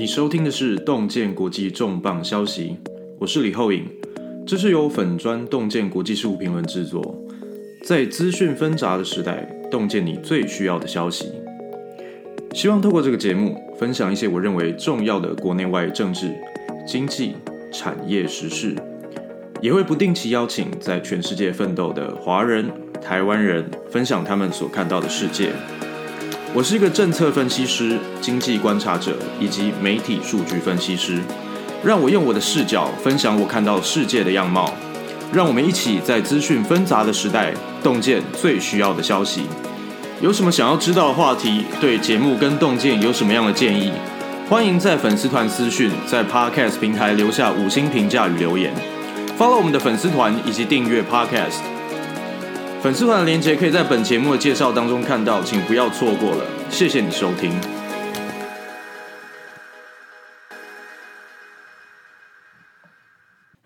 你收聽的是洞見國際重磅消息，我是李厚穎，這是由粉專洞見國際事務評論製作。在資訊紛雜的時代，洞見你最需要的消息。希望透過這個節目，分享一些我認為重要的國內外政治、經濟、產業時事，也會不定期邀請在全世界奮鬥的華人、台灣人，分享他們所看到的世界。我是一個政策分析師、經濟觀察者以及媒體數據分析師，讓我用我的視角分享我看到世界的樣貌。讓我們一起在資訊紛雜的時代，洞見最需要的消息。有什麼想要知道的話題？對節目跟洞見有什麼樣的建議？歡迎在粉絲團私訊，在 Podcast 平台留下五星評價與留言。Follow 我們的粉絲團以及訂閱 Podcast。粉絲團的連結可以在本節目的介紹當中看到，請不要錯過了。謝謝你收聽。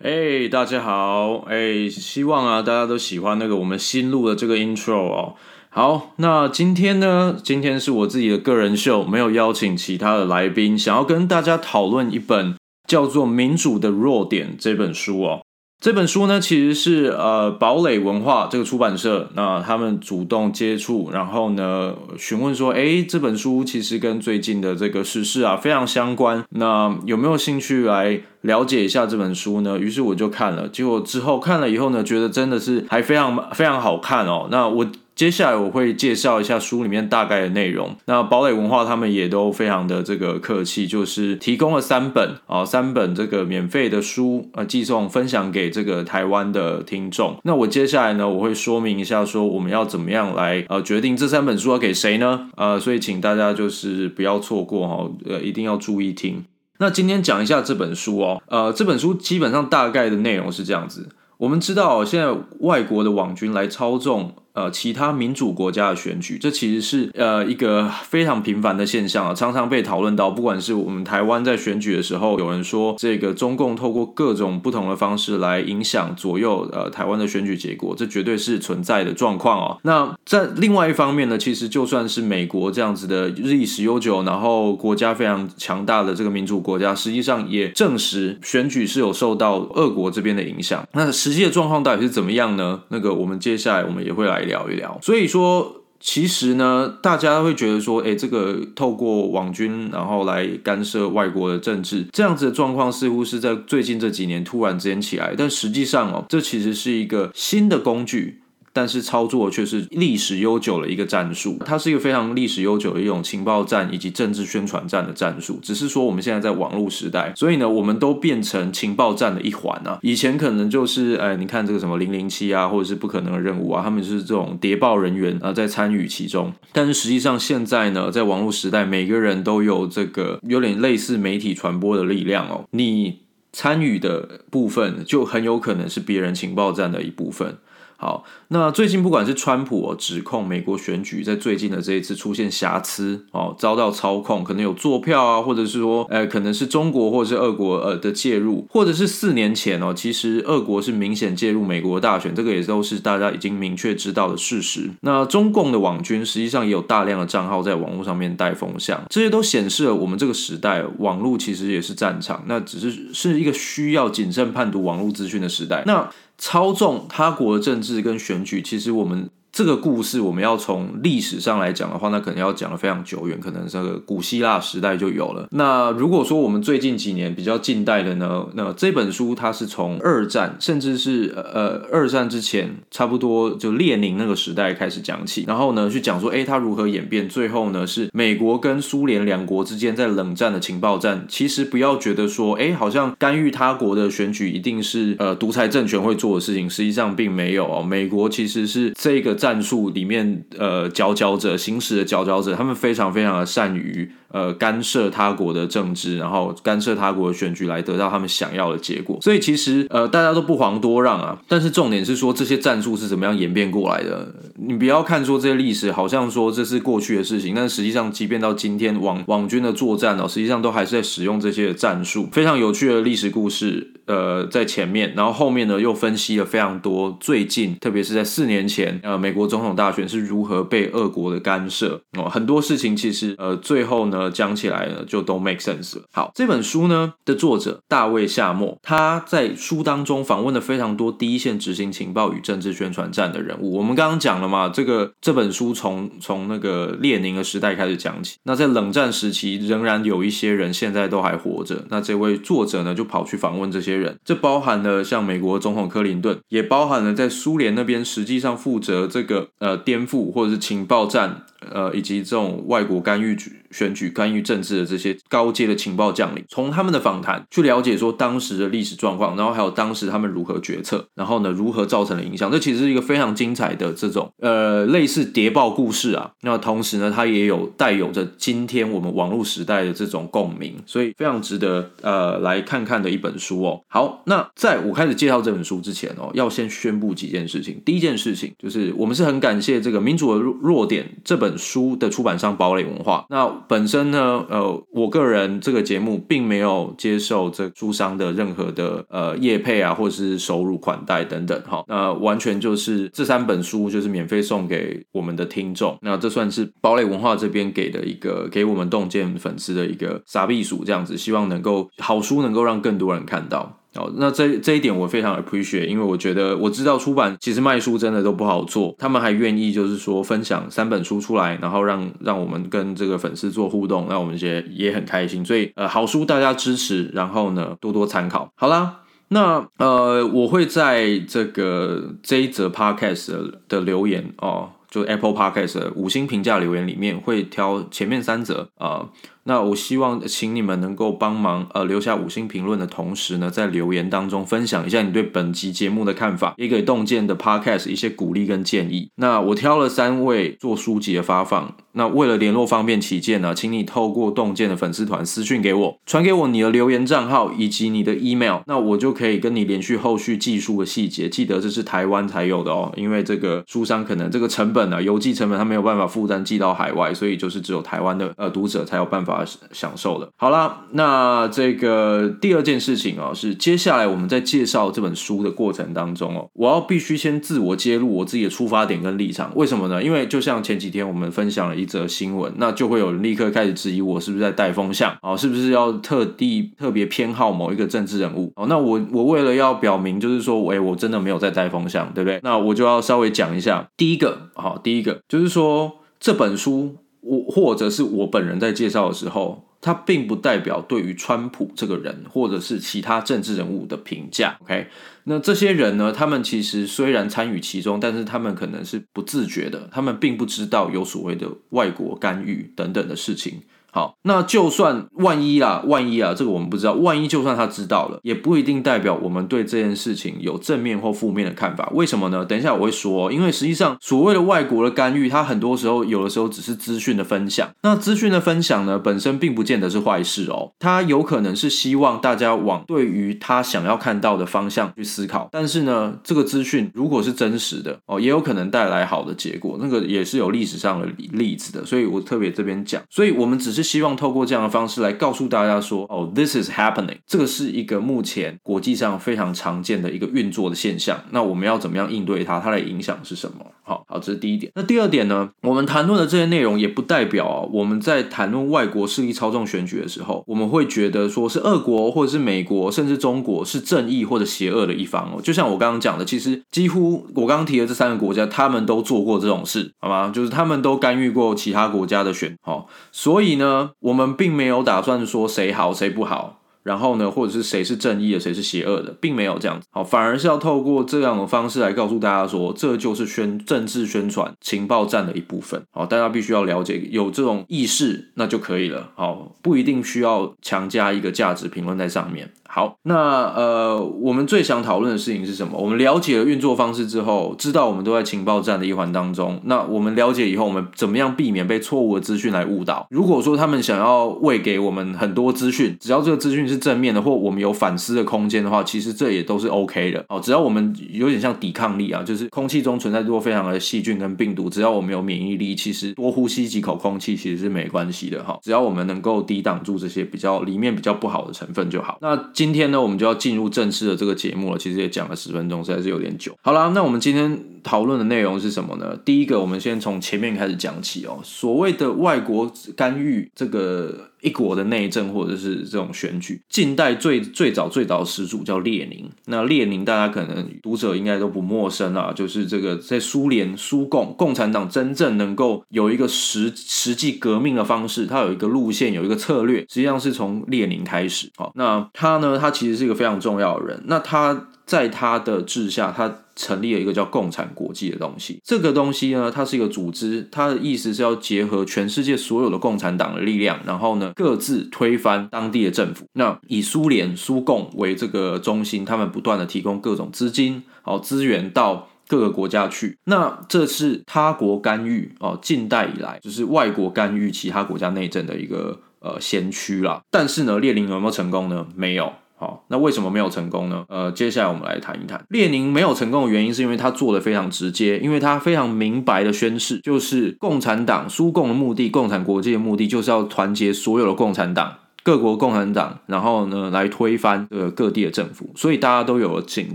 哎、hey，大家好，哎、hey，希望啊大家都喜歡那個我們新錄的這個 intro 哦。好，那今天呢，今天是我自己的個人秀，沒有邀請其他的來賓，想要跟大家討論一本叫做《民主的弱點》這本書哦。這本書呢，其實是呃，堡壘文化這個出版社，那他們主動接觸，然後呢，詢問說，誒，這本書其實跟最近的這個時事啊非常相關，那有沒有興趣來了解一下這本書呢？於是我就看了，結果之後看了以後呢，覺得真的是還非常非常好看哦，那我。接下來我會介紹一下書裡面大概的內容。那堡壘文化他們也都非常的這個客氣，就是提供了三本啊、哦、三本這個免費的書啊、呃、寄送分享給這個台灣的聽眾。那我接下來呢，我會說明一下，說我們要怎麼樣來呃決定這三本書要給誰呢？呃，所以請大家就是不要錯過哈、哦，呃一定要注意聽。那今天講一下這本書哦，呃這本書基本上大概的內容是這樣子。我們知道、哦、現在外國的網軍來操縱。呃，其他民主國家的選舉，這其實是呃一個非常頻繁的現象啊，常常被討論到。不管是我們台灣在選舉的時候，有人說這個中共透過各種不同的方式來影響左右呃台灣的選舉結果，這絕對是存在的狀況哦、啊。那在另外一方面呢，其實就算是美國這樣子的歷史悠久，然後國家非常強大的這個民主國家，實際上也證實選舉是有受到俄國這邊的影響。那實際的狀況到底是怎麼樣呢？那個我們接下來我們也會來聊一聊，所以說其實呢，大家會覺得說，誒，這個透過網軍然後來干涉外國的政治，這樣子的狀況似乎是在最近這幾年突然之間起來，但實際上哦，這其實是一個新的工具。但是操作卻是歷史悠久的一個戰術，它是一個非常歷史悠久的一種情報戰以及政治宣傳戰的戰術。只是說我們現在在網絡時代，所以呢，我們都變成情報戰的一環啊。以前可能就是，哎，你看這個什麼007啊，或者是不可能的任務啊，他們就是這種諜報人員啊在參與其中。但是實際上現在呢，在網絡時代，每個人都有這個有點類似媒體傳播的力量哦。你參與的部分就很有可能是別人情報戰的一部分。好，那最近不管是川普哦，指控美國選舉在最近的這一次出現瑕疵哦，遭到操控，可能有作票啊，或者是說，誒、欸，可能是中國或者是俄國呃的介入，或者是四年前哦，其實俄國是明顯介入美國的大選，這個也都是大家已經明確知道的事實。那中共的網軍實際上也有大量的賬號在網絡上面帶風向，這些都顯示了我們這個時代網絡其實也是戰場，那只是是一個需要謹慎判讀網絡資訊的時代。那。操縱他國的政治跟選舉，其實我們。這個故事我們要從歷史上來講的話，那可能要講的非常久遠，可能這個古希臘時代就有了。那如果說我們最近幾年比較近代的呢，那這本書它是從二戰，甚至是呃二戰之前，差不多就列寧那個時代開始講起，然後呢去講說，哎，它如何演變，最後呢是美國跟蘇聯兩國之間在冷戰的情報戰。其實不要覺得說，哎，好像干預他國的選舉一定是呃獨裁政權會做的事情，實際上並沒有哦，美國其實是這個。戰術裡面，呃，佼佼者，行事的佼佼者，他們非常非常的善於，呃，干涉他國的政治，然後干涉他國的選舉來得到他們想要的結果。所以其實，呃，大家都不遑多讓啊。但是重點是說，這些戰術是怎麼樣演變過來的？你不要看說這些歷史好像說這是過去的事情，但實際上，即便到今天王，網網軍的作戰呢、哦，實際上都還是在使用這些戰術。非常有趣的歷史故事。呃，在前面，然後後面呢又分析了非常多最近，特別是在四年前，呃，美國總統大選是如何被俄國的干涉哦、呃，很多事情其實呃，最後呢講起來呢就都 make sense 了。好，這本書呢的作者大衛夏末，他在書當中訪問了非常多第一線執行情報與政治宣傳戰的人物。我們剛剛講了嘛，這個這本書從從那個列寧的時代開始講起，那在冷戰時期仍然有一些人現在都還活着，那這位作者呢就跑去訪問這些。這包含了像美國總統克林頓，也包含了在蘇聯那邊實際上負責這個呃顛覆或者是情報戰。呃，以及這種外國干預舉選舉、干預政治的這些高階的情報將領，從他們的訪談去了解說當時的歷史狀況，然後還有當時他們如何決策，然後呢，如何造成的影響。這其實是一個非常精彩的這種呃類似諜報故事啊。那同時呢，它也有帶有着今天我們網絡時代的這種共鳴，所以非常值得呃來看看的一本書哦。好，那在我開始介紹這本書之前哦，要先宣布幾件事情。第一件事情就是我們是很感謝這個《民主的弱弱點》這本。書的出版商堡壘文化，那本身呢，呃，我個人這個節目並沒有接受這書商的任何的呃業配啊，或者是收入款待等等，哈，那完全就是這三本書就是免費送給我們的聽眾，那這算是堡壘文化這邊給的一個給我們洞見粉絲的一個沙必死這樣子，希望能夠好書能夠讓更多人看到。好，哦，那這這一點我非常 appreciate，因為我覺得我知道出版其實賣書真的都不好做，他們還願意就是說分享三本書出來，然後讓讓我們跟這個粉絲做互動，讓我們也也很開心。所以呃，好書大家支持，然後呢多多參考。好啦，那呃，我會在這個這一則 Podcast 的，的留言哦，就 Apple Podcast 的五星評價留言裡面會挑前面三則啊。呃那我希望請你們能夠幫忙呃，留下五星評論的同時呢，在留言當中分享一下你對本集節目的看法，也給洞見的 podcast 一些鼓勵跟建議。那我挑了三位做書籍的發放，那為了聯絡方便起見呢，啊，請你透過洞見的粉絲團私訊給我，傳給我你的留言賬號以及你的 email，那我就可以跟你聯繫後續寄書的細節。記得這是台灣才有的哦，因為這個書商可能這個成本啊，郵寄成本他沒有辦法負擔寄到海外，所以就是只有台灣的呃讀者才有辦法。啊，享受的。好啦，那這個第二件事情啊，是接下來我們在介紹這本書的過程當中哦，我要必須先自我揭露我自己的出發點跟立場。為什麼呢？因為就像前幾天我們分享了一則新聞，那就會有人立刻開始質疑我是不是在帶風向，哦，是不是要特地特別偏好某一個政治人物？哦，那我我為了要表明，就是說，哎，我真的沒有在帶風向，對不對？那我就要稍微講一下。第一個，好，第一個就是說這本書。我或者是我本人在介紹的時候，它並不代表對於川普這個人或者是其他政治人物的評價。OK，那這些人呢，他們其實雖然參與其中，但是他們可能是不自覺的，他們並不知道有所謂的外國干預等等的事情。好，那就算萬一啦，萬一啊，這個我們不知道。萬一就算他知道了，也不一定代表我們對這件事情有正面或負面的看法。為什麼呢？等一下我會說哦，因為實際上所謂的外國的干預，它很多時候有的時候只是資訊的分享。那資訊的分享呢，本身並不見得是壞事哦。它有可能是希望大家往對於他想要看到的方向去思考。但是呢，這個資訊如果是真實的哦，也有可能帶來好的結果。那個也是有歷史上的例子的，所以我特別這邊講。所以我們只是。希望透過這樣的方式來告訴大家說，哦，this is happening，這個是一個目前國際上非常常見的一個運作的現象。那我們要怎麼樣應對它？它的影響是什麼？好好，這是第一點。那第二點呢？我們談論的這些內容，也不代表，哦，我們在談論外國勢力操縱選舉的時候，我們會覺得說是俄國或者是美國，甚至中國是正義或者邪惡的一方哦。就像我剛剛講的，其實幾乎我剛剛提的這三個國家，他們都做過這種事，好嗎？就是他們都干預過其他國家的選。好，哦，所以呢，我們並沒有打算說誰好誰不好。然後呢，或者是誰是正義的，誰是邪惡的，並沒有這樣子。好，反而是要透過這樣的方式來告訴大家說，這就是宣，政治宣傳、情報戰的一部分。好，大家必須要了解，有這種意識，那就可以了。好，不一定需要強加一個價值評論在上面。好，那呃，我們最想討論的事情是什麼？我們了解了運作方式之後，知道我們都在情報戰的一環當中。那我們了解以後，我們怎麼樣避免被錯誤的資訊來誤導？如果說他們想要餵給我們很多資訊，只要這個資訊是正面的，或我們有反思的空間的話，其實這也都是 OK 的。哦，只要我們有點像抵抗力啊，就是空氣中存在多非常的細菌跟病毒，只要我們有免疫力，其實多呼吸幾口空氣其實是沒關係的哈。只要我們能夠抵擋住這些比較裡面比較不好的成分就好。那今天呢，我們就要進入正式的這個節目了。其實也講了十分鐘，實在是有點久。好啦，那我們今天討論的內容是什麼呢？第一個，我們先從前面開始講起哦，所謂的外國干預，這個，一國的內政或者是這種選舉，近代最最早最早的始祖叫列寧。那列寧大家可能讀者應該都不陌生啊，就是這個在蘇聯蘇共共產黨真正能夠有一個實實際革命的方式，它有一個路線，有一個策略，實際上是從列寧開始啊。那他呢，他其實是一個非常重要的人。那他。在他的治下，他成立了一個叫共產國際的東西。這個東西呢，它是一個組織，它的意思是要結合全世界所有的共產黨的力量，然後呢，各自推翻當地的政府。那以蘇聯蘇共為這個中心，他們不斷地提供各種資金，好資源到各個國家去。那這是他國干預哦，近代以來就是外國干預其他國家內政的一個呃先驅啦。但是呢，列寧有沒有成功呢？沒有。好，那為什麼沒有成功呢？呃，接下來我們來談一談列寧沒有成功的原因，是因為他做的非常直接，因為他非常明白的宣示，就是共產黨蘇共的目的，共產國際的目的，就是要團結所有的共產黨各國共產黨，然後呢，來推翻呃各地的政府，所以大家都有警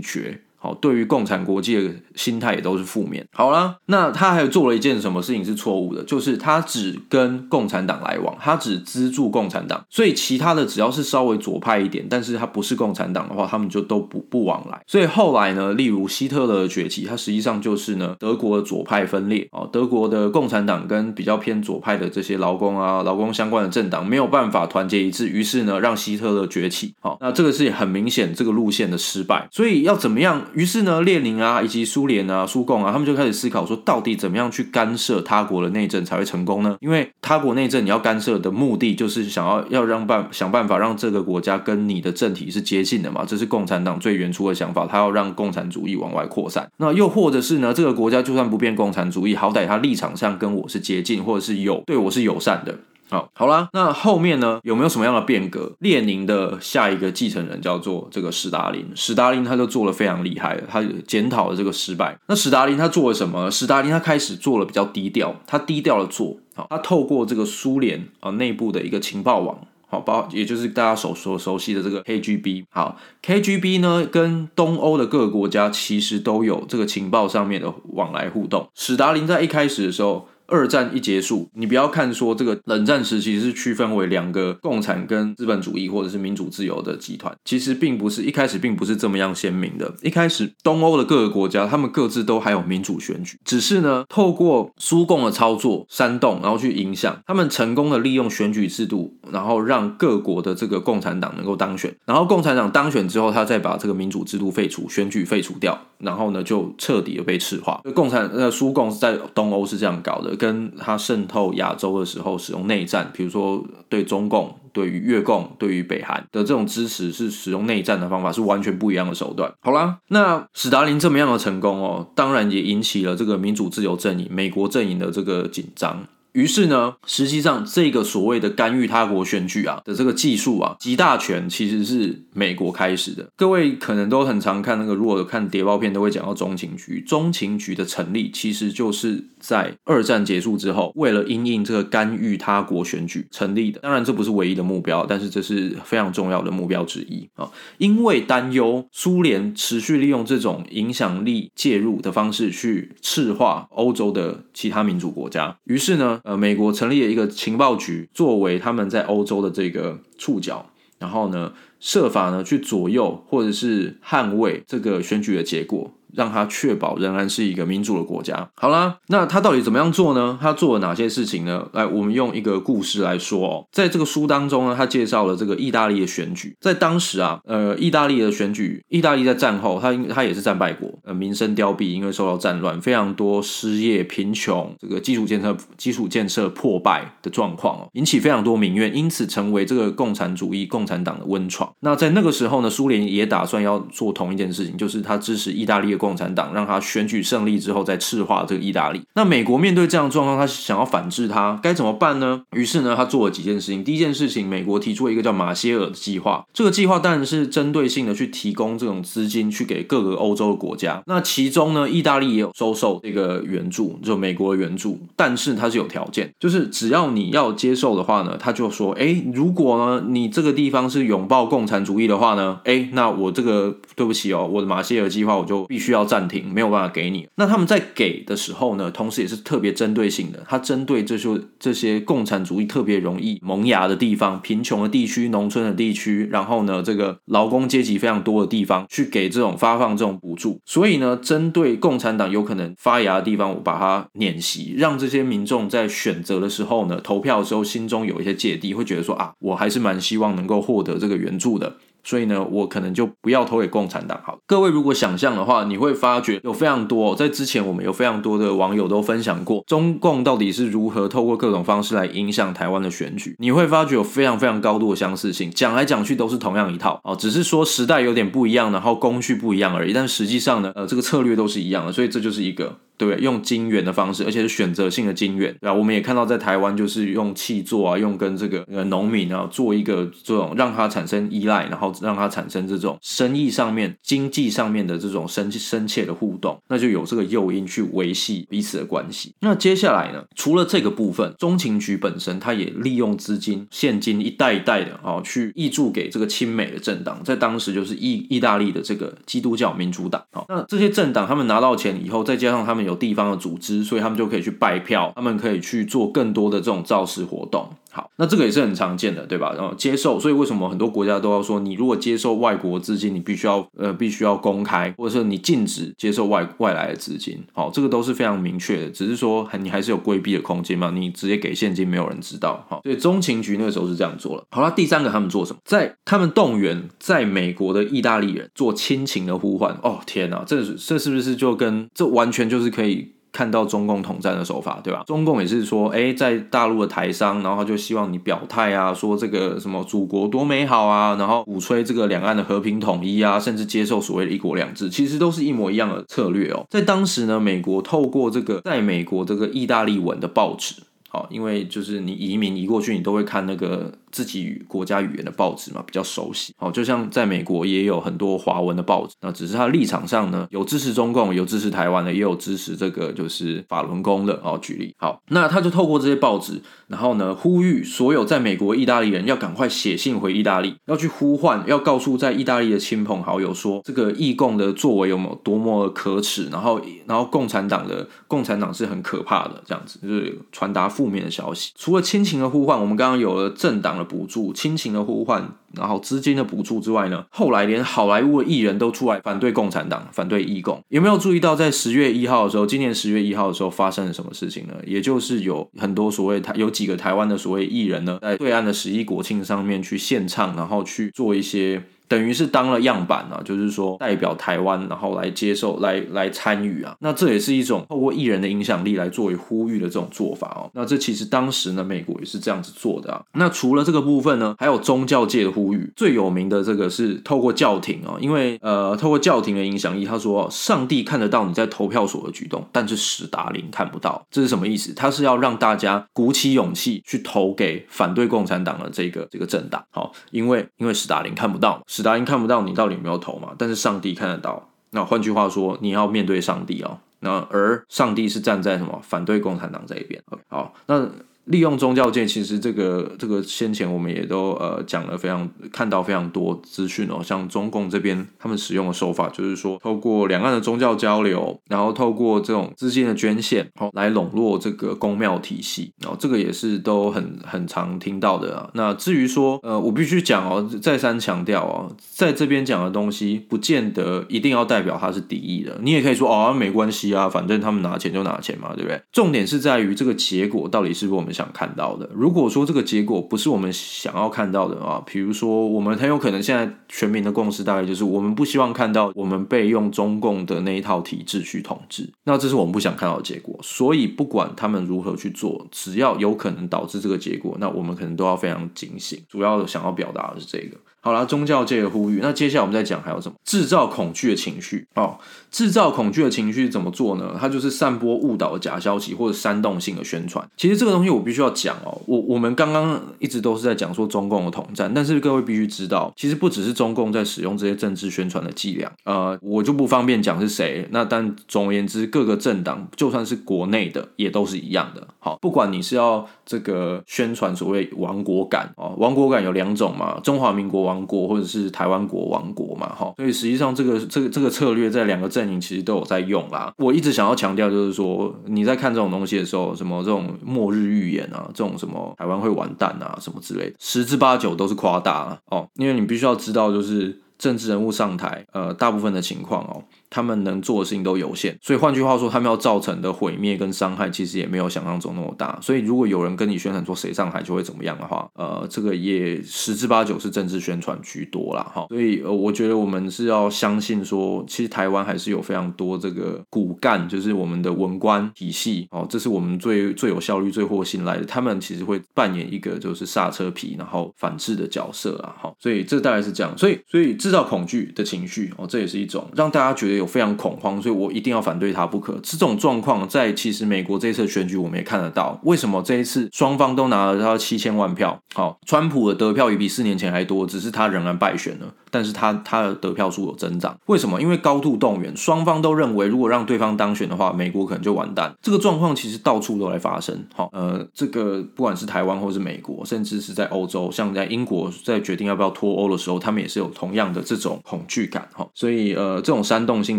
覺。好，對於共產國際的心態也都是負面。好了，那他還有做了一件什麼事情是錯誤的，就是他只跟共產黨來往，他只資助共產黨，所以其他的只要是稍微左派一點，但是他不是共產黨的話，他們就都不不往來。所以後來呢，例如希特勒的崛起，他實際上就是呢德國的左派分裂哦，德國的共產黨跟比較偏左派的這些勞工啊、勞工相關的政黨沒有辦法團結一致，於是呢讓希特勒崛起。好，那這個是很明顯這個路線的失敗，所以要怎麼樣？於是呢，列寧啊，以及蘇聯啊、蘇共啊，他們就開始思考說，到底怎麼樣去干涉他國的內政才會成功呢？因為他國內政你要干涉的目的，就是想要要讓辦想辦法讓這個國家跟你的政體是接近的嘛，這是共產黨最原初的想法，他要讓共產主義往外擴散。那又或者是呢，這個國家就算不變共產主義，好歹他立場上跟我是接近，或者是有對我是友善的。好好啦那後面呢有沒有什麼樣的變革？列寧的下一個繼承人叫做這個史達林，史達林他就做了非常厲害的，他檢討了這個失敗。那史達林他做了什麼？史達林他開始做了比較低調，他低調的做啊，他透過這個蘇聯啊內部的一個情報網，好吧也就是大家所所熟悉的這個 KGB，好 KGB 呢跟東歐的各個國家其實都有這個情報上面的往來互動。史達林在一開始的時候。二戰一結束，你不要看說這個冷戰時期是區分為兩個共產跟資本主義或者是民主自由的集團，其實並不是一開始並不是這麼樣鮮明的。一開始東歐的各個國家，他們各自都還有民主選舉，只是呢，透過蘇共的操作煽動，然後去影響他們，成功的利用選舉制度，然後讓各國的這個共產黨能夠當選。然後共產黨當選之後，他再把這個民主制度廢除，選舉廢除掉，然後呢，就徹底的被赤化。共產那蘇共是在東歐是這樣搞的。跟他滲透亞洲的時候，使用內戰，比如說對中共、對於越共、對於北韓的這種支持，是使用內戰的方法，是完全不一樣的手段。好啦，那史達林這麼樣的成功哦，當然也引起了這個民主自由陣營、美國陣營的這個緊張。於是呢，實際上這個所謂的干預他國選舉啊的這個技術啊集大成，其實是美國開始的。各位可能都很常看那個，如果看諜報片都會講到中情局。中情局的成立，其實就是在二戰結束之後，為了因應這個干預他國選舉成立的。當然，這不是唯一的目標，但是這是非常重要的目標之一啊。因為擔憂蘇聯持續利用這種影響力介入的方式去赤化歐洲的其他民主國家，於是呢。呃，美國成立了一個情報局，作為他們在歐洲的這個觸角，然後呢，設法呢去左右或者是捍衛這個選舉的結果。讓他確保仍然是一個民主的國家。好啦，那他到底怎麼樣做呢？他做了哪些事情呢？來，我們用一個故事來說哦。在這個書當中呢，他介紹了這個意大利的選舉。在當時啊，呃，意大利的選舉，意大利在戰後，他他也是戰敗國，呃，民生凋敝，因為受到戰亂，非常多失業、貧窮，這個基礎建設、基礎建設破敗的狀況哦，引起非常多民怨，因此成為這個共產主義、共產黨的溫床。那在那個時候呢，蘇聯也打算要做同一件事情，就是他支持意大利。共產黨讓他選舉勝利之後再赤化這個意大利。那美國面對這樣的狀況，他想要反制他該怎麼辦呢？於是呢，他做了幾件事情。第一件事情，美國提出了一個叫馬歇爾的計劃。這個計劃當然是針對性的去提供這種資金去給各個歐洲的國家。那其中呢，意大利也有收受這個援助，就是美國的援助。但是它是有條件，就是只要你要接受的話呢，他就說：“哎，如果呢你這個地方是擁抱共產主義的話呢，哎，那我這個對不起哦，我的馬歇爾計劃我就必須。”需要暫停，沒有辦法給你。那他們在給的時候呢，同時也是特別針對性的，他針對這些這些共產主義特別容易萌芽的地方、貧窮的地區、農村的地區，然後呢，這個勞工階級非常多的地方去給這種發放這種補助。所以呢，針對共產黨有可能發芽的地方，我把它捻熄，讓這些民眾在選擇的時候呢，投票的時候心中有一些芥蒂，會覺得說啊，我還是蠻希望能夠獲得這個援助的。所以呢，我可能就不要投給共產黨。好，各位如果想象的話，你會發覺有非常多，在之前我們有非常多的網友都分享過中共到底是如何透過各種方式來影響台灣的選舉。你會發覺有非常非常高度的相似性，講來講去都是同樣一套哦，只是說時代有點不一樣，然後工具不一樣而已。但實際上呢，呃，這個策略都是一樣的，所以這就是一個。對，用金援的方式，而且是選擇性的金援對、啊，我們也看到在台灣，就是用契作啊，用跟這個呃農民啊做一個這種，讓他產生依賴，然後讓他產生這種生意上面、經濟上面的這種深深切的互動，那就有這個誘因去維繫彼此的關係。那接下來呢，除了這個部分，中情局本身它也利用資金、現金一代一代的啊、哦、去挹注給這個親美的政黨，在當時就是意意大利的這個基督教民主黨啊、哦。那這些政黨他們拿到錢以後，再加上他們有有地方的組織，所以他們就可以去拜票，他們可以去做更多的這種造勢活動。好，那這個也是很常見的，對吧？然後接受，所以為什麼很多國家都要說，你如果接受外國資金，你必須要呃必須要公開，或者說你禁止接受外外來的資金。好，這個都是非常明確的，只是說你還是有規避的空間嘛，你直接給現金，沒有人知道。好，所以中情局那個時候是這樣做了。好了，那第三個他們做什麼？在他們動員在美國的意大利人做親情的呼喚。哦天吶，這這是不是就跟這完全就是可以？看到中共統戰的手法，對吧？中共也是說，哎、欸，在大陸的台商，然後他就希望你表態啊，說這個什麼祖國多美好啊，然後鼓吹這個兩岸的和平統一啊，甚至接受所謂的一國兩制，其實都是一模一樣的策略哦、喔。在當時呢，美國透過這個在美國這個意大利文的報紙，好，因為就是你移民移過去，你都會看那個。自己語國家語言的報紙嘛比較熟悉，好，就像在美國也有很多華文的報紙，那只是他立場上呢，有支持中共，有支持台灣的，也有支持這個就是法輪功的。哦，舉例好，那他就透過這些報紙，然後呢，呼籲所有在美國意大利人要趕快寫信回意大利，要去呼喚，要告訴在意大利的親朋好友說這個義共的作為有沒有多麼可恥，然後然後共產黨的共產黨是很可怕的這樣子，就是傳達負面的消息。除了親情的呼喚，我們剛剛有了政黨。補助、親情的呼喚，然後資金的補助之外呢，後來連好萊塢的藝人都出來反對共產黨、反對義工。有沒有注意到，在十月一號的時候，今年十月一號的時候發生了什麼事情呢？也就是有很多所謂台，有幾個台灣的所謂藝人呢，在對岸的十一國慶上面去獻唱，然後去做一些。等於是當了樣板啊，就是說代表台灣，然後來接受、來來參與啊，那這也是一種透過藝人的影響力來作為呼籲的這種做法哦。那這其實當時呢，美國也是這樣子做的啊。那除了這個部分呢，還有宗教界的呼籲，最有名的這個是透過教廷啊、哦，因為呃，透過教廷的影響力，他說上帝看得到你在投票所的舉動，但是史達林看不到，這是什麼意思？他是要讓大家鼓起勇氣去投給反對共產黨的這個這個政黨，好、哦，因為因為史達林看不到。史達林看不到你到底有沒有投嘛，但是上帝看得到。那換句話說，你要面對上帝哦。那而上帝是站在什麼反對共產黨這一邊？Okay. 好，那。利用宗教界，其實這個這個先前我們也都呃講了非常看到非常多資訊哦，像中共這邊他們使用的手法，就是說透過兩岸的宗教交流，然後透過這種資金的捐獻，好來籠絡這個宮廟體系，然後，哦，這個也是都很很常聽到的啊。那至於說呃，我必須講哦，再三強調哦，在這邊講的東西，不見得一定要代表它是敵意的。你也可以說哦、啊，沒關係啊，反正他們拿錢就拿錢嘛，對不對？重點是在於這個結果到底是不是我們。想看到的，如果說這個結果不是我們想要看到的啊，比如說我們很有可能現在全民的共識大概就是，我們不希望看到我們被用中共的那一套體制去統治，那這是我們不想看到的結果。所以不管他們如何去做，只要有可能導致這個結果，那我們可能都要非常警醒。主要想要表達的是這個。好啦，宗教界的呼籲。那接下來，我們再講還有什麼？製造恐懼的情緒哦，製造恐懼的情緒怎麼做呢？它就是散播誤導的假消息或者煽動性的宣傳。其實這個東西我必須要講哦，我我們剛剛一直都是在講說中共的統戰，但是各位必須知道，其實不只是中共在使用這些政治宣傳的伎倆，呃，我就不方便講是誰。那但總而言之，各個政黨就算是國內的也都是一樣的。好，不管你是要這個宣傳所謂亡國感哦，亡國感有兩種嘛，中華民國。亡國或者是台灣國亡國嘛，哈，所以實際上這個這個這個策略在兩個陣營其實都有在用啦。我一直想要強調就是說，你在看這種東西的時候，什麼這種末日預言啊，這種什麼台灣會完蛋啊，什麼之類，十之八九都是誇大了哦。因為你必須要知道，就是政治人物上台，呃，大部分的情況哦。他們能做的事情都有限，所以換句話說，他們要造成的毀滅跟傷害，其實也沒有想象中那麼大。所以，如果有人跟你宣傳說誰上台就會怎麼樣的話，呃，這個也十之八九是政治宣傳居多了哈。所以，呃，我覺得我們是要相信說，其實台灣還是有非常多這個骨幹，就是我們的文官體系哦，這是我們最最有效率、最獲信賴的。他們其實會扮演一個就是剎車皮，然後反制的角色啊，哈，所以這大概是這樣。所以，所以製造恐懼的情緒哦，這也是一種讓大家覺得。有非常恐慌，所以我一定要反對他不可。這種狀況在其實美國這次選舉我們也看得到。為什麼這一次雙方都拿了他七千萬票？好，哦，川普的得票也比四年前還多，只是他仍然敗選了。但是他他的得票數有增長，為什麼？因為高度動員，雙方都認為，如果讓對方當選的話，美國可能就完蛋。這個狀況其實到處都來發生，哈、哦，呃，這個不管是台灣或是美國，甚至是在歐洲，像在英國，在決定要不要脫歐的時候，他們也是有同樣的這種恐懼感，哈、哦。所以，呃，這種煽動性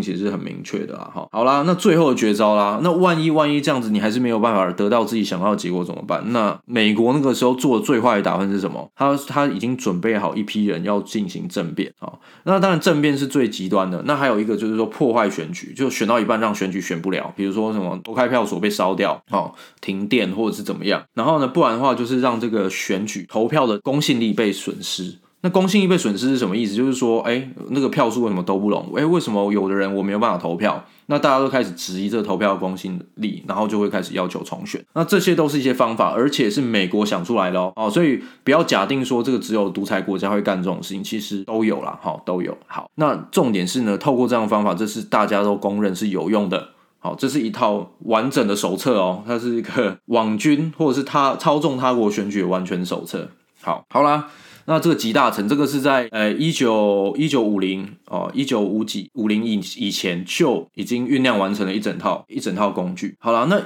其實是很明確的啦，哈、哦。好啦，那最後的絕招啦，那萬一萬一這樣子，你還是沒有辦法得到自己想要的結果怎麼辦？那美國那個時候做的最壞的打算是什麼？他他已經準備好一批人要進行政變。啊，那當然政變是最極端的。那還有一個就是說破壞選舉，就選到一半讓選舉選不了。比如說什麼，投開票所被燒掉，啊，停電或者是怎麼樣。然後呢，不然的話就是讓這個選舉投票的公信力被損失。那公信力被損失是什麼意思？就是說，哎、欸，那個票數為什麼都不攏？哎、欸，為什麼有的人我沒有辦法投票？那大家都開始質疑這個投票公信力，然後就會開始要求重選。那這些都是一些方法，而且是美國想出來的哦，哦，所以不要假定說這個只有獨裁國家會幹這種事情，其實都有啦好、哦，都有。好，那重點是呢，透過這樣的方法，這是大家都公認是有用的。好、哦，這是一套完整的手冊哦，它是一個網軍或者是他操縱他國選舉的完全手冊。好，好啦。那這個集大成，這個是在呃，一九一九五零，哦，一九五幾五零以以前就已經醞釀完成了一整套，一整套工具。好啦，那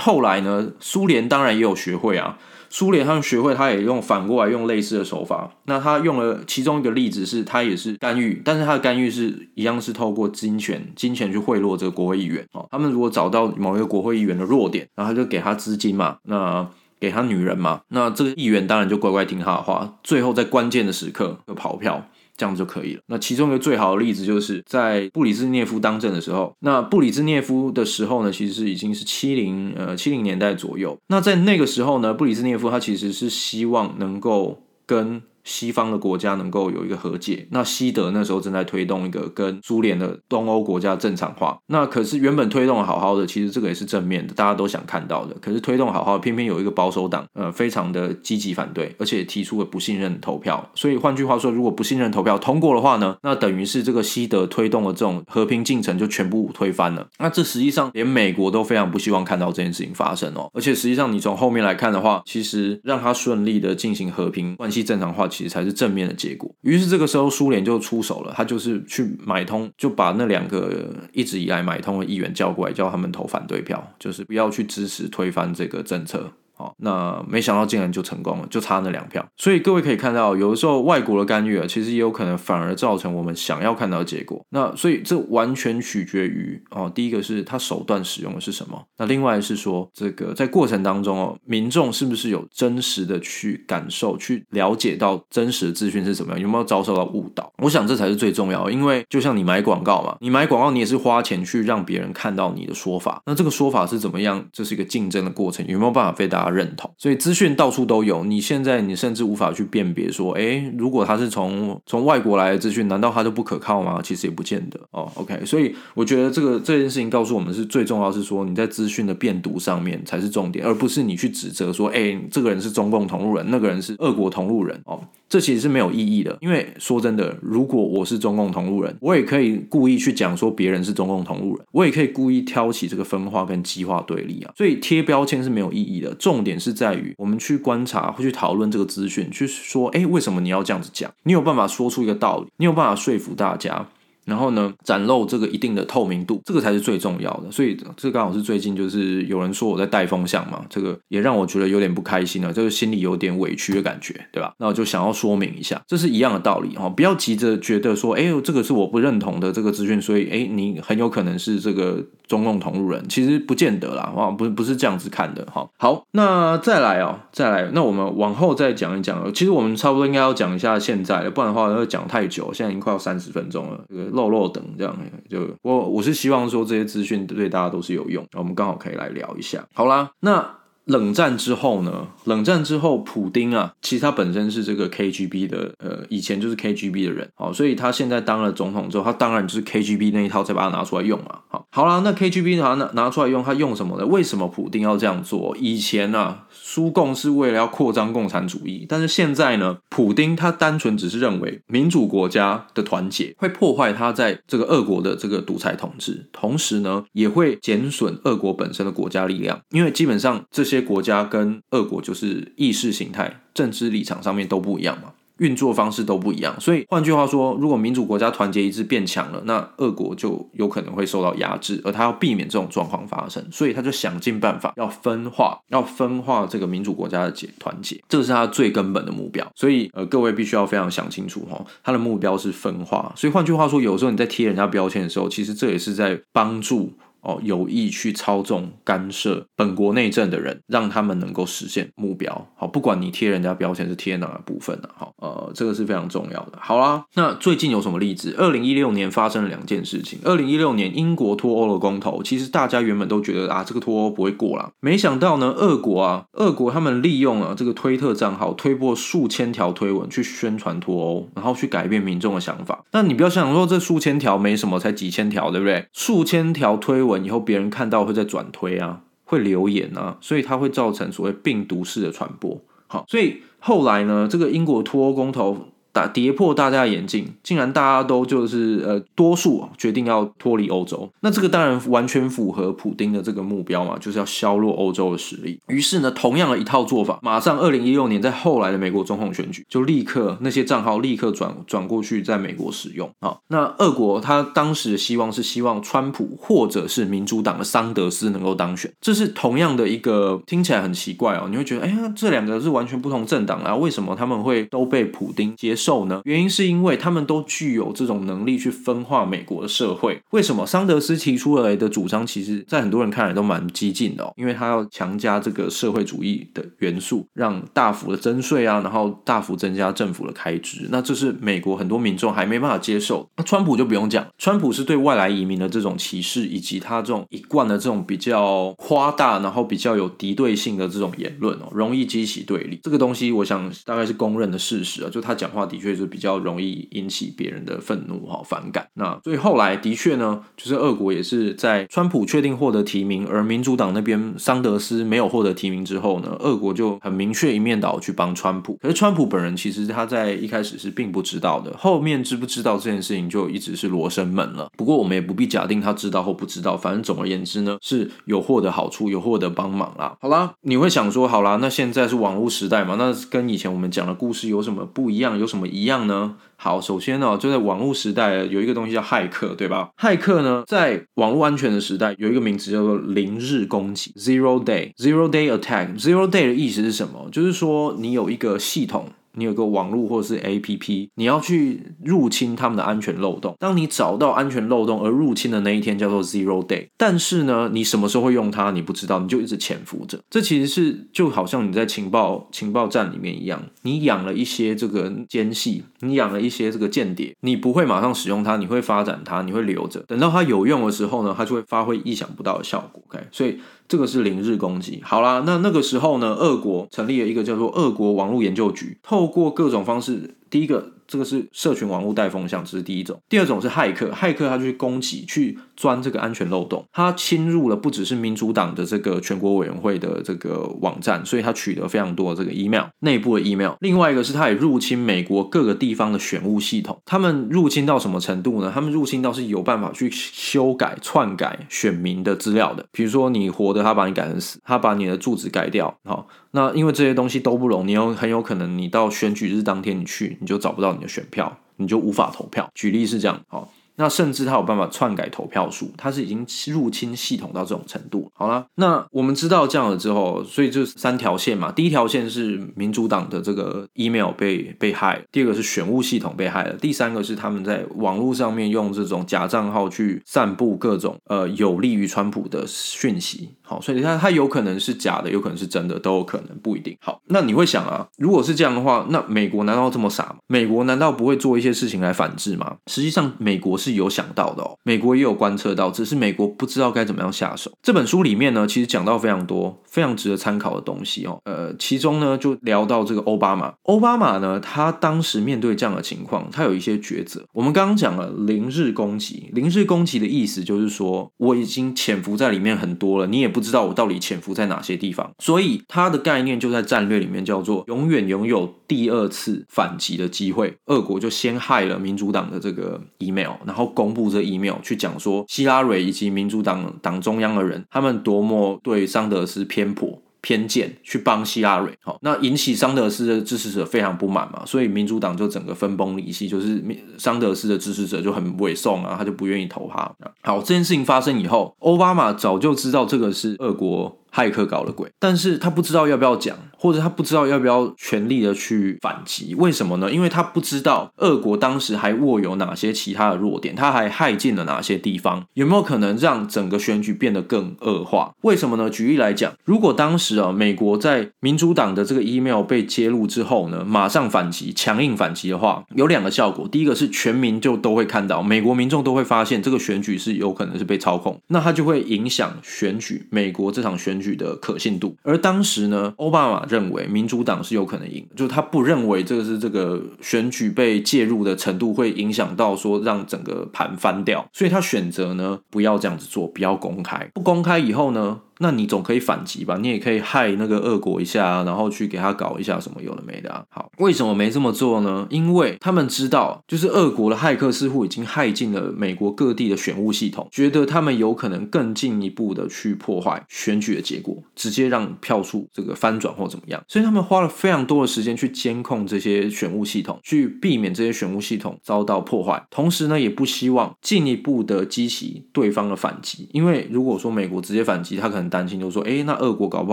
後來呢？蘇聯當然也有學會啊，蘇聯他們學會，他也用反過來用類似的手法。那他用了其中一個例子是，他也是干預，但是他的干預是一樣是透過金錢金錢去賄賂這個國會議員哦。他們如果找到某一個國會議員的弱點，然後他就給他資金嘛。那給他女人嘛，那這個議員當然就乖乖聽他的話，最後在關鍵的時刻就跑票，這樣子就可以了。那其中一個最好的例子就是在布里茲涅夫當政的時候，那布里茲涅夫的時候呢，其實已經是七零呃七零年代左右。那在那個時候呢，布里茲涅夫他其實是希望能夠跟。西方的國家能夠有一個和解，那西德那時候正在推動一個跟蘇聯的東歐國家正常化，那可是原本推動的好好的，其實這個也是正面的，大家都想看到的。可是推動的好好的，偏偏有一個保守黨，呃，非常的積極反對，而且提出了不信任投票。所以換句話說，如果不信任投票通過的話呢，那等於是這個西德推動的這種和平進程就全部推翻了。那這實際上連美國都非常不希望看到這件事情發生哦。而且實際上你從後面來看的話，其實讓他順利的進行和平關係正常化。其實才是正面的結果。於是這個時候，蘇聯就出手了，他就是去買通，就把那兩個一直以來買通的議員叫過來，叫他們投反對票，就是不要去支持推翻這個政策。那沒想到竟然就成功了，就差那兩票。所以各位可以看到，有的時候外國的干預啊，其實也有可能反而造成我們想要看到的結果。那所以這完全取決於哦，第一個是他手段使用的是什麼，那另外是說這個在過程當中哦，民眾是不是有真實的去感受、去了解到真實的資訊是怎麼樣，有沒有遭受到誤導？我想這才是最重要的。因為就像你買廣告嘛，你買廣告你也是花錢去讓別人看到你的說法，那這個說法是怎麼樣？這是一個競爭的過程，有沒有辦法被大家？認同，所以資訊到處都有。你現在你甚至無法去辨別說，誒、欸，如果他是從從外國來的資訊，難道他就不可靠嗎？其實也不見得哦。Oh, OK，所以我覺得這個這件事情告訴我們是最重要，是說你在資訊的辨讀上面才是重點，而不是你去指責說，誒、欸，這個人是中共同路人，那個人是俄國同路人哦。Oh. 這其實是沒有意義的，因為說真的，如果我是中共同路人，我也可以故意去講說別人是中共同路人，我也可以故意挑起這個分化跟激化對立啊。所以貼標籤是沒有意義的，重點是在於我們去觀察或去討論這個資訊，去說，誒，為什麼你要這樣子講？你有辦法說出一個道理，你有辦法說服大家？然後呢，展露這個一定的透明度，這個才是最重要的。所以這剛好是最近就是有人說我在帶風向嘛，這個也讓我覺得有點不開心了，這個心裡有點委屈的感覺，對吧？那我就想要說明一下，這是一樣的道理哈、哦，不要急着覺得說，哎這個是我不認同的這個資訊，所以哎，你很有可能是這個中共同路人，其實不見得啦，哇、哦，不是不是這樣子看的哈、哦。好，那再來哦，再來，那我們往後再講一講，其實我們差不多應該要講一下現在了，不然的話要講太久，現在已經快要三十分鐘了。這個漏漏等這樣，就我我是希望說，這些資訊對大家都是有用，我們剛好可以來聊一下。好啦，那。冷戰之後呢？冷戰之後，普丁啊，其實他本身是這個 KGB 的，呃，以前就是 KGB 的人，好，所以他現在當了總統之後，他當然就是 KGB 那一套再把它拿出來用嘛。好，好了，那 KGB 拿拿拿出來用，他用什麼呢？為什麼普丁要這樣做？以前呢，啊，蘇共是為了要擴張共產主義，但是現在呢，普丁他單純只是認為民主國家的團結會破壞他在這個俄國的這個獨裁統治，同時呢，也會減損俄國本身的國家力量，因為基本上這些。這些國家跟俄國就是意識形態、政治立場上面都不一樣嘛，運作方式都不一樣。所以換句話說，如果民主國家團結一致變強了，那俄國就有可能會受到壓制，而他要避免這種狀況發生，所以他就想盡辦法要分化，要分化這個民主國家的結團結，這是他最根本的目標。所以呃，各位必須要非常想清楚哈、哦，他的目標是分化。所以換句話說，有時候你在貼人家標籤的時候，其實這也是在幫助。哦，有意去操縱、干涉本國內政的人，讓他們能夠實現目標。好，不管你貼人家標籤是貼哪個部分的、啊，好，呃，這個是非常重要的。好啦，那最近有什麼例子？二零一六年發生了兩件事情。二零一六年英國脫歐的公投，其實大家原本都覺得啊，這個脫歐不會過啦。沒想到呢，俄國啊，俄國他們利用了這個推特賬號，推播數千條推文去宣傳脫歐，然後去改變民眾的想法。那你不要想說這數千條沒什麼，才幾千條，對不對？數千條推文。以後別人看到會再轉推啊，會留言啊，所以它會造成所謂病毒式的傳播。好，所以後來呢，這個英國脫歐公投。打跌破大家的眼鏡，竟然大家都就是呃多數決定要脫離歐洲，那這個當然完全符合普丁的這個目標嘛，就是要削弱歐洲的實力。於是呢，同樣的一套做法，馬上二零一六年在後來的美國總統選舉就立刻那些賬號立刻轉轉過去在美國使用啊。那俄國他當時的希望是希望川普或者是民主黨的桑德斯能夠當選，這是同樣的一個聽起來很奇怪哦，你會覺得哎呀這兩個是完全不同政黨啊，為什麼他們會都被普丁接受？受呢？原因是因為他們都具有這種能力去分化美國的社會。為什麼桑德斯提出來的主張，其實，在很多人看來都蠻激進的哦，因為他要強加這個社會主義的元素，讓大幅的增稅啊，然後大幅增加政府的開支。那這是美國很多民眾還沒辦法接受。那、啊，川普就不用講，川普是對外來移民的這種歧視，以及他這種一貫的這種比較誇大，然後比較有敵對性的這種言論哦，容易激起對立。這個東西，我想大概是公認的事實啊，就他講話。的確是比較容易引起別人的憤怒和反感。那所以後來的確呢，就是俄國也是在川普確定獲得提名，而民主黨那邊桑德斯沒有獲得提名之後呢，俄國就很明確一面倒去幫川普。可是川普本人其實他在一開始是並不知道的，後面知不知道這件事情就一直是羅生門了。不過我們也不必假定他知道或不知道，反正總而言之呢，是有獲得好處，有獲得幫忙啦。好啦，你會想說，好啦，那現在是網絡時代嘛，那跟以前我們講的故事有什麼不一樣？有什麼一樣呢？好，首先呢、哦，就在網絡時代有一個東西叫駭客，對吧？駭客呢，在網絡安全的時代有一個名詞叫做零日攻擊 （zero day）。zero day, zero day attack。zero day 的意思是什麼？就是說你有一個系統。你有個網絡或者是 A P P，你要去入侵他們的安全漏洞。當你找到安全漏洞而入侵的那一天叫做 Zero Day。但是呢，你什麼時候會用它，你不知道，你就一直潛伏着。這其實是就好像你在情報情報戰裡面一樣，你養了一些這個奸細，你養了一些這個間諜，你不會馬上使用它，你會發展它，你會留着，等到它有用的時候呢，它就會發揮意想不到的效果。OK，所以。這個是零日攻擊。好啦，那那個時候呢，俄國成立了一個叫做俄國網絡研究局，透過各種方式，第一個。這個是社群網絡帶風向，這是第一種。第二種是駭客，駭客他去攻擊、去鑽這個安全漏洞，他侵入了不只是民主黨的這個全國委員會的這個網站，所以他取得非常多這個 email 內部的 email。另外一個是他也入侵美國各個地方的選務系統，他們入侵到什麼程度呢？他們入侵到是有辦法去修改、篡改選民的資料的，比如說你活的，他把你改成死，他把你的住址改掉，好、哦。那因為這些東西都不容，你有很有可能，你到選舉日當天你去，你就找不到你的選票，你就無法投票。舉例是這樣，好。那甚至他有辦法篡改投票數，他是已經入侵系統到這種程度。好了，那我們知道這樣了之後，所以這三條線嘛。第一條線是民主黨的這個 email 被被害，第二個是選務系統被害了，第三個是他們在網絡上面用這種假賬號去散布各種呃有利於川普的訊息。好，所以你看，它有可能是假的，有可能是真的，都有可能，不一定。好，那你會想啊，如果是這樣的話，那美國難道這麼傻嗎？美國難道不會做一些事情來反制嗎？實際上，美國是。是有想到的哦，美國也有觀測到，只是美國不知道該怎麼樣下手。這本書裡面呢，其實講到非常多、非常值得參考的東西哦。呃，其中呢就聊到這個歐巴馬。歐巴馬呢，他當時面對這樣的情況，他有一些抉擇。我們剛剛講了零日攻擊，零日攻擊的意思就是說，我已經潛伏在裡面很多了，你也不知道我到底潛伏在哪些地方，所以他的概念就在戰略裡面叫做永遠擁有第二次反擊的機會。俄國就先駭了民主黨的這個 email。然後公布這 email 去講說希拉蕊以及民主黨黨中央的人，他們多麼對桑德斯偏頗偏見，去幫希拉蕊。好，那引起桑德斯的支持者非常不滿嘛，所以民主黨就整個分崩離析，就是桑德斯的支持者就很萎送啊，他就不願意投他。好，這件事情發生以後，奧巴馬早就知道這個是俄國，駭客搞了鬼，但是他不知道要不要講，或者他不知道要不要全力的去反擊？為什麼呢？因為他不知道俄國當時還握有哪些其他的弱點，他還駭進了哪些地方，有沒有可能讓整個選舉變得更惡化？為什麼呢？舉例來講，如果當時啊，美國在民主黨的這個 email 被揭露之後呢，馬上反擊，強硬反擊的話，有兩個效果。第一個是全民就都會看到，美國民眾都會發現這個選舉是有可能是被操控，那他就會影響選舉，美國這場選舉舉的可信度，而當時呢，奧巴馬認為民主黨是有可能贏，就他不認為這個是這個選舉被介入的程度會影響到說讓整個盤翻掉，所以他選擇呢，不要這樣子做，不要公開，不公開以後呢，那你總可以反擊吧？你也可以害那個俄國一下啊，然後去給他搞一下什麼有的沒的啊。好，為什麼沒這麼做呢？因為他們知道，就是俄國的駭客似乎已經駭進了美國各地的選務系統，覺得他們有可能更進一步的去破壞選舉的結果，直接讓票數這個翻轉或怎麼樣。所以他們花了非常多的時間去監控這些選務系統，去避免這些選務系統遭到破壞。同時呢，也不希望進一步的激起對方的反擊，因為如果說美國直接反擊，他可能。擔心就說，哎，那俄國搞不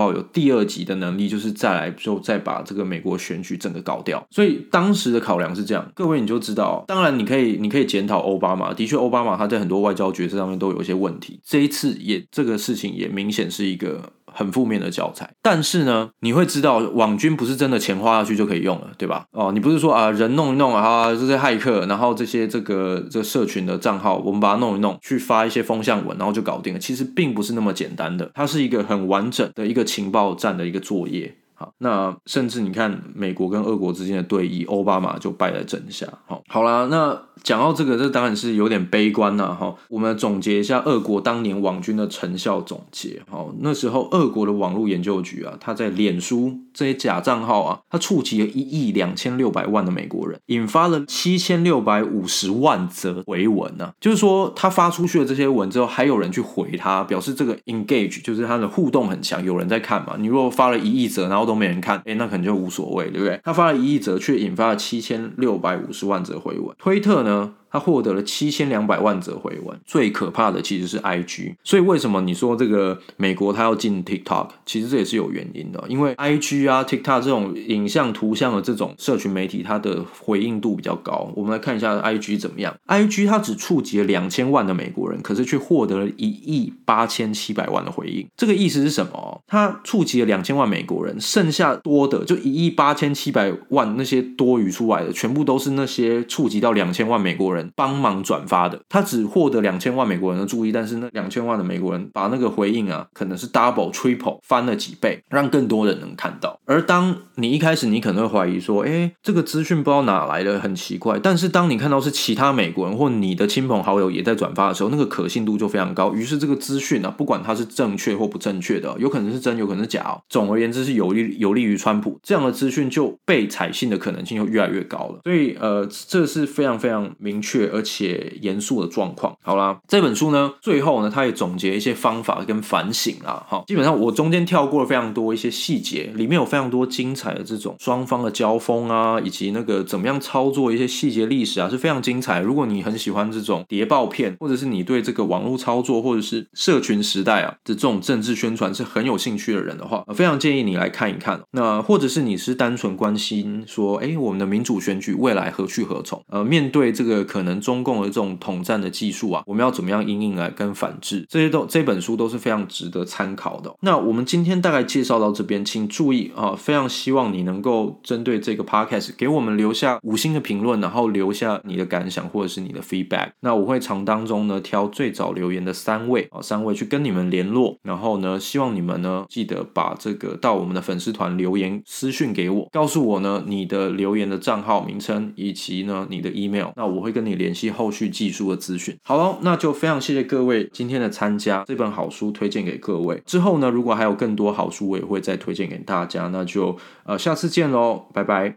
好有第二級的能力，就是再來就再把這個美國選舉整個搞掉。所以當時的考量是這樣，各位你就知道。當然，你可以你可以檢討奧巴馬，的確，奧巴馬他在很多外交決策上面都有一些問題。這一次也這個事情也明顯是一個。很負面的教材，但是呢，你會知道網軍不是真的錢花下去就可以用了，對吧？哦，你不是說啊，人弄一弄啊，這些駭客，然後這些這個這社群的賬號，我們把它弄一弄，去發一些風向文，然後就搞定了。其實並不是那麼簡單的，它是一個很完整的一個情報戰的一個作業。好，那甚至你看美國跟俄國之間的對弈，奧巴馬就敗在陣下。好，好了，那講到這個，這當然是有點悲觀啦、啊。哈，我們總結一下俄國當年網軍的成效總結。好，那時候俄國的網絡研究局啊，他在臉書這些假賬號啊，他觸及了一億兩千六百萬的美國人，引發了七千六百五十萬則回文呢、啊。就是說，他發出去的這些文之後，還有人去回他，表示這個 engage 就是他的互動很強，有人在看嘛。你如果發了一億則，然後都都沒人看，哎，那可能就無所謂，對不對？他發了一億則，卻引發了七千六百五十萬則回文。推特呢？他獲得了七千兩百萬則回文。最可怕的其實是 IG，所以為什麼你說這個美國他要進 TikTok？其實這也是有原因的，因為 IG 啊、TikTok 這種影像、圖像的這種社群媒體，它的回應度比較高。我們來看一下 IG 怎麼樣。IG 它只觸及了兩千萬的美國人，可是卻獲得了一億八千七百萬的回應。這個意思是什麼？它觸及了兩千萬美國人，剩下多的就一億八千七百萬，那些多餘出來的全部都是那些觸及到兩千萬美國人。幫忙轉發的，他只獲得兩千萬美國人的注意，但是那兩千萬的美國人把那個回應啊，可能是 double triple 翻了幾倍，讓更多人能看到。而當你一開始，你可能會懷疑說，哎，這個資訊不知道哪來的，很奇怪。但是當你看到是其他美國人或你的親朋好友也在轉發的時候，那個可信度就非常高。於是這個資訊啊，不管它是正確或不正確的，有可能是真，有可能是假。總而言之，是有利有利於川普這樣的資訊就被採信的可能性就越來越高了。所以，呃，這是非常非常明確。而且嚴肅的狀況。好啦，這本書呢，最後呢，他也總結一些方法跟反省啦、啊。哈、哦，基本上我中間跳過了非常多一些細節，裡面有非常多精彩的這種雙方的交鋒啊，以及那個怎麼樣操作一些細節歷史啊，是非常精彩。如果你很喜歡這種諜報片，或者是你對這個網絡操作或者是社群時代啊的這種政治宣傳是很有興趣的人的話，呃，非常建議你來看一看。那或者是你是單純關心說，誒，我們的民主選舉未來何去何從？呃，面對這個可能可能中共的這種統戰的技術啊，我們要怎麼樣因應來跟反制？這些都這本書都是非常值得參考的。那我們今天大概介紹到這邊，請注意啊，非常希望你能夠針對這個 podcast 給我們留下五星的評論，然後留下你的感想或者是你的 feedback。那我會從當中呢挑最早留言的三位啊，三位去跟你們聯絡。然後呢，希望你們呢記得把這個到我們的粉絲團留言私訊給我，告訴我呢你的留言的賬號名稱以及呢你的 email。那我會跟你。你聯繫後續技術的資訊。好了哦，那就非常謝謝各位今天的參加。這本好書推薦給各位之後呢，如果還有更多好書，我也會再推薦給大家。那就呃，下次見嘍，拜拜。